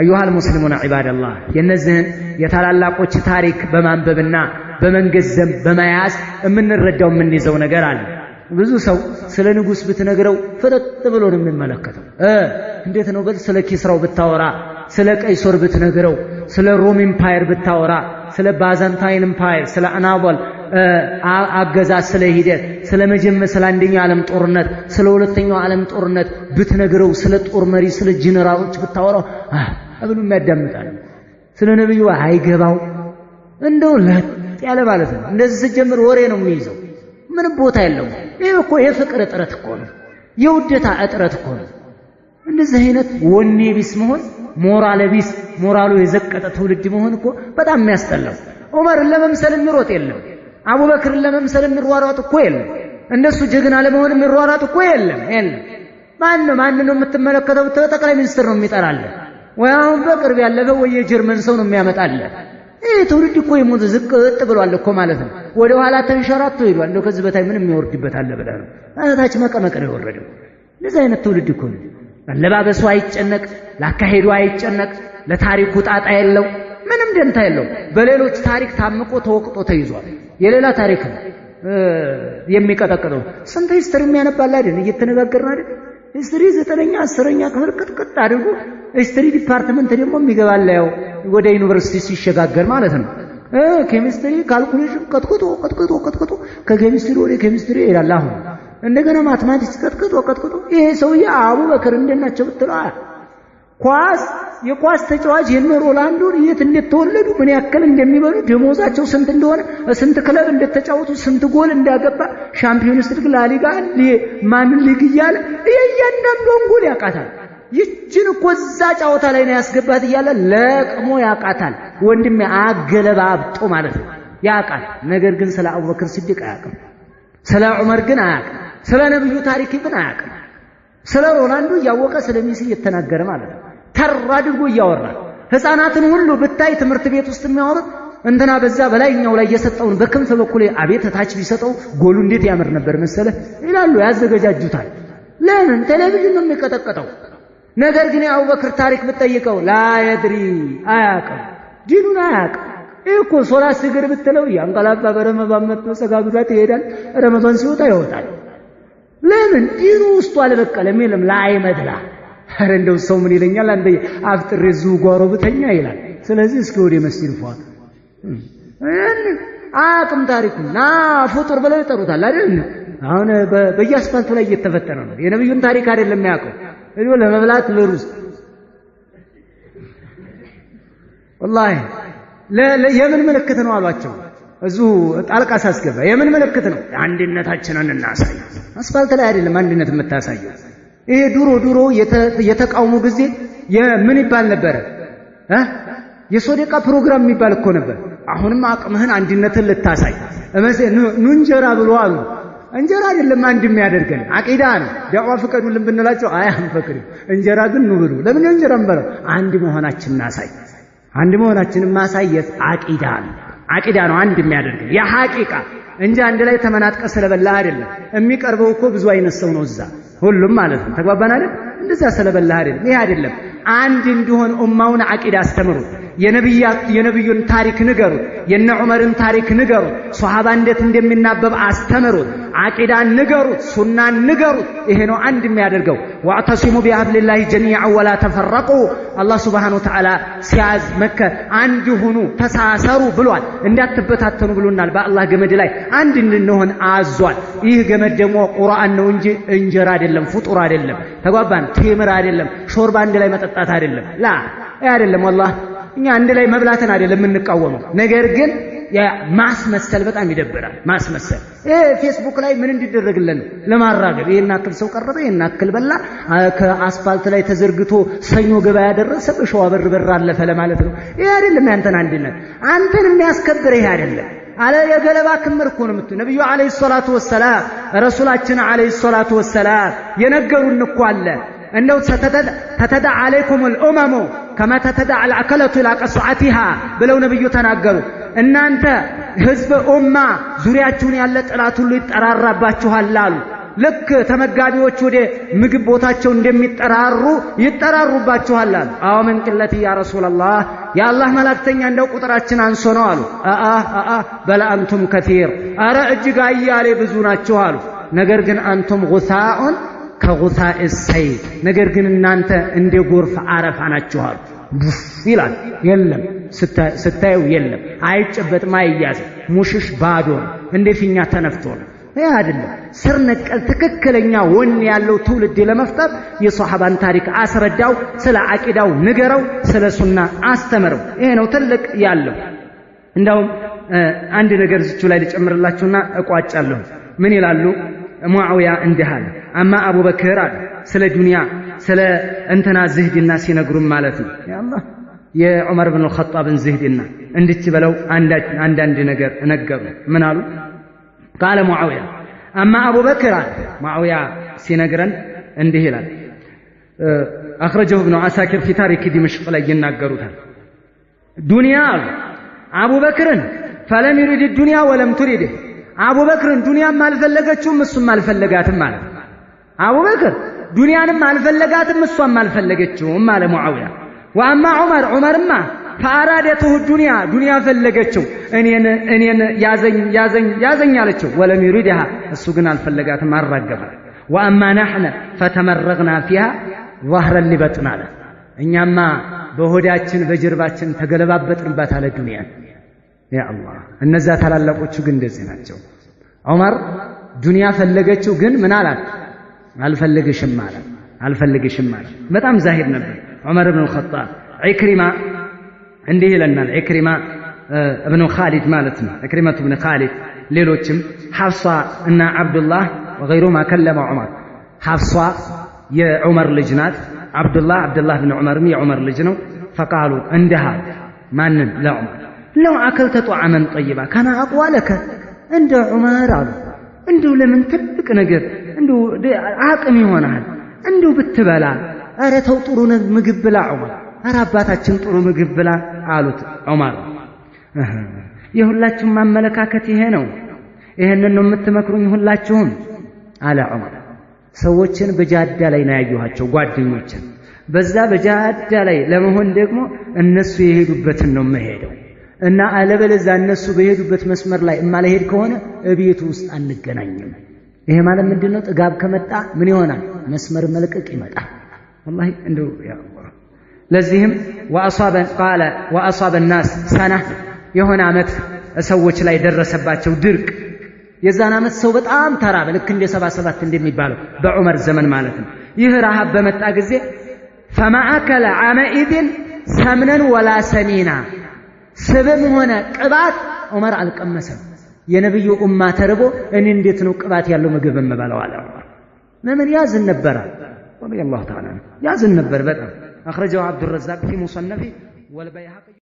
አዩሃል ሙስሊሙና ዒባደላህ የእነዚህን የታላላቆች ታሪክ በማንበብና በመንገዘም በመያዝ የምንረዳው የምንይዘው ነገር አለ። ብዙ ሰው ስለ ንጉሥ ብትነግረው ፈጠጥ ብሎ ነው የምንመለከተው። እንዴት ነው በል ስለ ኪስራው ብታወራ፣ ስለ ቀይሶር ብትነግረው፣ ስለ ሮም ኢምፓየር ብታወራ፣ ስለ ባዛንታይን ኢምፓየር፣ ስለ አናቦል አገዛዝ ስለ ሂደት ስለ መጀመ ስለ አንደኛው ዓለም ጦርነት ስለ ሁለተኛው ዓለም ጦርነት ብትነግረው ስለ ጦር መሪ ስለ ጄኔራሎች ብታወራው ብሎ የሚያዳምጣል። ስለ ነቢዩ አይገባው እንደው ለጥ ያለ ማለት ነው። እንደዚህ ስትጀምር ወሬ ነው የሚይዘው፣ ምንም ቦታ የለው። ይህ እኮ የፍቅር እጥረት እኮ ነው፣ የውደታ እጥረት እኮ ነው። እንደዚህ አይነት ወኔ ቢስ መሆን፣ ሞራል ቢስ፣ ሞራሉ የዘቀጠ ትውልድ መሆን እኮ በጣም የሚያስጠላው። ዑመርን ለመምሰል የሚሮጥ የለም፣ አቡበክርን ለመምሰል የሚሯሯጥ እኮ የለም፣ እንደሱ ጀግና ለመሆን የሚሯሯጥ እኮ የለም። የለም ማን ነው ማን ነው የምትመለከተው? ጠቅላይ ሚኒስትር ነው የሚጠራለን ወይ አሁን በቅርብ ያለፈ ወይ የጀርመን ሰው ነው የሚያመጣለ። ይህ ትውልድ እኮ ይሙት ዝቅ እጥ ብሏል እኮ ማለት ነው። ወደ ኋላ ተንሸራቶ ሄዷል። እንደው ከዚህ በታይ ምንም የሚወርድበት አለ ብለህ ነው ታች መቀመቅ ነው የወረደው። እንደዚህ አይነት ትውልድ እኮ ነው። ለባበሱ አይጨነቅ፣ ላካሄዱ አይጨነቅ፣ ለታሪኩ ጣጣ የለው፣ ምንም ደንታ የለው። በሌሎች ታሪክ ታምቆ ተወቅጦ ተይዟል። የሌላ ታሪክ ነው የሚቀጠቅጠው። ስንት ሂስትሪ የሚያነባል አይደል? እየተነጋገርን አይደል? ኢስትሪ ዘጠነኛ አስረኛ ክፍል ቅጥቅጥ አድርጎ ኢስትሪ ዲፓርትመንት ደግሞ ያው ወደ ዩኒቨርሲቲ ሲሸጋገር ማለት ነው። ኬሚስትሪ ካልኩሌሽን ቀጥቅጦ ቀጥቅጦ ቀጥቅጦ ከኬሚስትሪ ወደ ኬሚስትሪ ይላል። አሁን እንደገና ማትማቲክስ ቀጥቅጦ ቀጥቅጦ ይሄ ሰውዬ አቡበክር እንደናቸው ብትለዋል ኳስ የኳስ ተጫዋች የነ ሮናልዶን የት እንደተወለዱ ምን ያክል እንደሚበሉ ደሞዛቸው ስንት እንደሆነ ስንት ክለብ እንደተጫወቱ ስንት ጎል እንዳገባ ሻምፒዮንስ ሊግ፣ ላሊጋ፣ ማን ሊግ እያለ እያንዳንዷን ጎል ያውቃታል። ይችን እኮ እዛ ጨዋታ ላይ ነው ያስገባት እያለ ለቅሞ ያውቃታል። ወንድሜ አገለባብጦ ማለት ነው ያውቃል። ነገር ግን ስለ አቡበክር ሲዲቅ አያውቅም። ስለ ዑመር ግን አያውቅም። ስለ ነብዩ ታሪክ ግን አያውቅም። ስለ ሮናልዶ እያወቀ ስለ ሚሲ እየተናገረ ማለት ነው። ተር አድርጎ እያወራል። ህፃናትን ሁሉ ብታይ ትምህርት ቤት ውስጥ የሚያወሩት እንትና በዛ በላይኛው ላይ የሰጠውን በክንፍ በኩል አቤት ታች ቢሰጠው ጎሉ እንዴት ያምር ነበር መሰለ ይላሉ፣ ያዘገጃጁታል። ለምን ቴሌቪዥን ነው የሚቀጠቀጠው። ነገር ግን የአቡበክር ታሪክ ብትጠይቀው ላየድሪ አያቅም፣ ዲኑን አያቅም። ይህ እኮ ሶላት ስግር ብትለው እያንቀላፋ በረመዳን መጥቶ ሰጋግዷት ይሄዳል፣ ረመዳን ሲወጣ ይወጣል። ለምን ዲኑ ውስጡ አልበቀለም። የለም መድላ ኧረ እንደው ሰው ምን ይለኛል? አንደ አፍጥሬ እዚሁ ጓሮ ብተኛ ይላል። ስለዚህ እስኪ ወደ መስጂድ ፏል አቅም ታሪኩን ና ፍጡር ብለው ይጠሩታል አይደል? አሁን በየአስፋልቱ ላይ እየተፈጠረ ነው። የነብዩን ታሪክ አይደለም ያውቀው እዲሁ ለመብላት ለሩዝ ወላሂ የምን ምልክት ነው አሏቸው። እዚሁ ጣልቃ ሳስገባ የምን ምልክት ነው? አንድነታችንን እናሳየው አስፋልት ላይ አይደለም አንድነት የምታሳየው ይሄ ድሮ ድሮ የተቃውሞ ጊዜ ምን ይባል ነበረ? የሶደቃ ፕሮግራም የሚባል እኮ ነበር። አሁንም አቅምህን አንድነትን ልታሳይ ኑ እንጀራ ብሎ አሉ። እንጀራ አይደለም አንድ የሚያደርገን አቂዳ ነው። ዳዋ ፍቀዱልን ብንላቸው አይ አንፈቅድም፣ እንጀራ ግን ኑ ብሉ። ለምን እንጀራ እንበለው? አንድ መሆናችን እናሳይ። አንድ መሆናችንን ማሳየት አቂዳ ነው። አቂዳ ነው አንድ የሚያደርገን የሐቂቃ እንጂ አንድ ላይ ተመናጥቀ ስለበላ አይደለም። የሚቀርበው እኮ ብዙ አይነት ሰው ነው እዛ ሁሉም ማለት ነው። ተግባባን አይደል? እንደዛ ስለበላህ አይደለም። ይሄ አይደለም። አንድ እንዲሆን ኡማውን አቂዳ አስተምሩት። የነብያት የነብዩን ታሪክ ንገሩ፣ የነ ዑመርን ታሪክ ንገሩ፣ ሶሃባ እንዴት እንደሚናበብ አስተምሩት፣ አቂዳን ንገሩት፣ ሱናን ንገሩት። ይሄ ነው አንድ የሚያደርገው። ወዕተሲሙ ቢሀብሊላሂ ጀሚዐ ወላ ተፈረቁ። አላህ ሱብሓነሁ ወተዓላ ሲያዝ መከ አንድ ሁኑ ተሳሰሩ ብሏል። እንዳትበታተኑ ብሎናል። በአላህ ገመድ ላይ አንድ እንድንሆን አዟል። ይህ ገመድ ደግሞ ቁርአን ነው እንጂ እንጀራ አይደለም፣ ፍጡር አይደለም፣ ተጓባን ቴምር አይደለም፣ ሾርባ አንድ ላይ መጠጣት አይደለም። ላ አይደለም ወላህ እኛ አንድ ላይ መብላትን አይደለም የምንቃወመው። ነገር ግን ማስመሰል በጣም ይደብራል። ማስመሰል ይሄ ፌስቡክ ላይ ምን እንዲደረግልን ለማራገብ፣ ይሄን አክል ሰው ቀረበ፣ ይሄን አክል በላ፣ ከአስፋልት ላይ ተዘርግቶ ሰኞ ገበያ ያደረሰ በሸዋ በር በር አለፈ ለማለት ነው። ይሄ አይደለም ያንተን አንድነት፣ አንተን የሚያስከብር ይሄ አይደለም። አለ የገለባ ክምር እኮ ነው የምትሆን። ነብዩ አለይሂ ሰላቱ ወሰላም ረሱላችን አለይሂ ሰላቱ ወሰላም የነገሩን እኮ አለ እንደው ተተዳ አለይኩም አልኡመሙ ከማ ተተዳዕ አልዓከለቱ ብለው ነብዩ ተናገሩ። እናንተ ህዝብ ኡማ ዙሪያችሁን ያለ ጠላት ሁሉ ይጠራራባችኋል አሉ። ልክ ተመጋቢዎች ወደ ምግብ ቦታቸው እንደሚጠራሩ ይጠራሩባችኋል አሉ። አዎ መን ቅለት ያ ረሱላላህ የአላህ መላእክተኛ እንደው ቁጥራችን አንሶ ነው አሉ። አአ አአ በለ አንቱም ከቲር፣ አረ እጅግ አያሌ ብዙ ናችሁ አሉ። ነገር ግን አንቱም ጉሳኡን ከጉታ እሰይ ነገር ግን እናንተ እንደ ጎርፍ አረፋ ናችኋል ይላል። የለም ስታየው የለም አይጨበጥም፣ ማያዝ ሙሽሽ ባዶ ነው፣ እንደ ፊኛ ተነፍቶ ነው። ይህ አይደለም ስር ነቀል ትክክለኛ ወን ያለው ትውልድ ለመፍጠር የሶሐባን ታሪክ አስረዳው፣ ስለ አቂዳው ንገረው፣ ስለ ሱና አስተምረው። ይሄ ነው ትልቅ ያለው። እንዳውም አንድ ነገር ዝቹ ላይ ልጨምርላችሁና እቋጫለሁ። ምን ይላሉ? ሙዓውያ እንዲህ አለ። አማ አቡበክር አለ ስለ ዱንያ ስለ እንትና ዝህድና ሲነግሩም ማለት ነው ያአላህ የዑመር ብን ኸጣብን ዝህድና እንድች በለው አንዳንድ ነገር ነገሩ። ምን አሉ? ቃለ ሙዓውያ አማ አቡበክር አለ ሙዓውያ ሲነግረን እንዲህ ይላል። አኽረጀሁ ብኑ አሳኪር ፊ ታሪክ ዲምሽቅ ላይ ይናገሩታል። ዱንያ አሉ አቡበክርን ፈለም ዩሪድ ዱንያ ወለም ቱሪድህ አቡበክርን ዱንያም አልፈለገችውም እሱም አልፈለጋትም ማለት ነው። አቡበክር ዱንያንም አልፈለጋትም እሷም አልፈለገችውም አለ ሙዓውያ። ወአማ ዑመር ዑመርማ ፈአራደትሁ ዱንያ ዱንያ ፈለገችው፣ እኔን እኔን ያዘኝ ያዘኝ ያዘኝ አለችው። ወለም ዩሪድሃ እሱ ግን አልፈለጋትም አራገፋት። ወአማ ናሕነ ፈተመረቅና ፊሃ ዋህረን ሊበጥን አለ። እኛማ በሆዳችን በጀርባችን ተገለባበጥንባት አለ ዱንያን يا الله النزات النزاة تلالك وشو قن دزينا عمر دنيا فلقت شو قن من علاك هل فلق شمالا هل فلق شمالا متام زاهر نبي عمر بن الخطاب عكرمة عنده لنا عكرمة ابن خالد مالتنا عكرمة ابن خالد ليلوتشم حفصة ان عبد الله وغيره ما كلم عمر حفصة يا عمر لجنات عبد الله عبد الله بن عمر مي عمر لجنو فقالوا عندها من لا عمر ለው አከልተ ጧዓመን ጠይባ ከማ አጥዋለከ እንደ ዑመር አሉ እንዲሁ ለምን ትልቅ ነገር እንዲሁ አቅም ይሆናል እንዲሁ ብትበላ ኧረ ተው ጥሩ ምግብ ብላ ዑመር ኧረ አባታችን ጥሩ ምግብ ብላ አሉት ዑመር የሁላችሁም አመለካከት ይሄ ነው ይሄንን ነው የምትመክሩኝ ሁላችሁም አለ ዑመር ሰዎችን በጃዳ ላይ ነው ያየኋቸው ጓደኞችን በዛ በጃዳ ላይ ለመሆን ደግሞ እነሱ የሄዱበትን ነው መሄደው እና አለበለዛ እነሱ በሄዱበት መስመር ላይ እማልሄድ ከሆነ እቤቱ ውስጥ አንገናኝም። ይሄ ማለት ምንድን ነው? ጥጋብ ከመጣ ምን ይሆናል? መስመር መልቀቅ ይመጣል። ወላሂ እንደው ለዚህም ቃለ ወአሷበ ናስ ሰና የሆነ ዓመት ሰዎች ላይ ደረሰባቸው ድርቅ። የዛን ዓመት ሰው በጣም ተራበ። ልክ እንደ ሰባ ሰባት እንደሚባለው በዑመር ዘመን ማለት ነው። ይህ ረሃብ በመጣ ጊዜ ፈማአከለ ዓመኢድን ሰምነን ወላ ሰሚና سبب هنا قبات عمر على قمسة يا نبي أمة تربو إن إنديت نقبات يا لهم قبل ما بلوا على عمر ما من يازن نبرة رضي الله تعالى يازن نبرة بدر أخرجه عبد الرزاق في مصنفه والبيهقي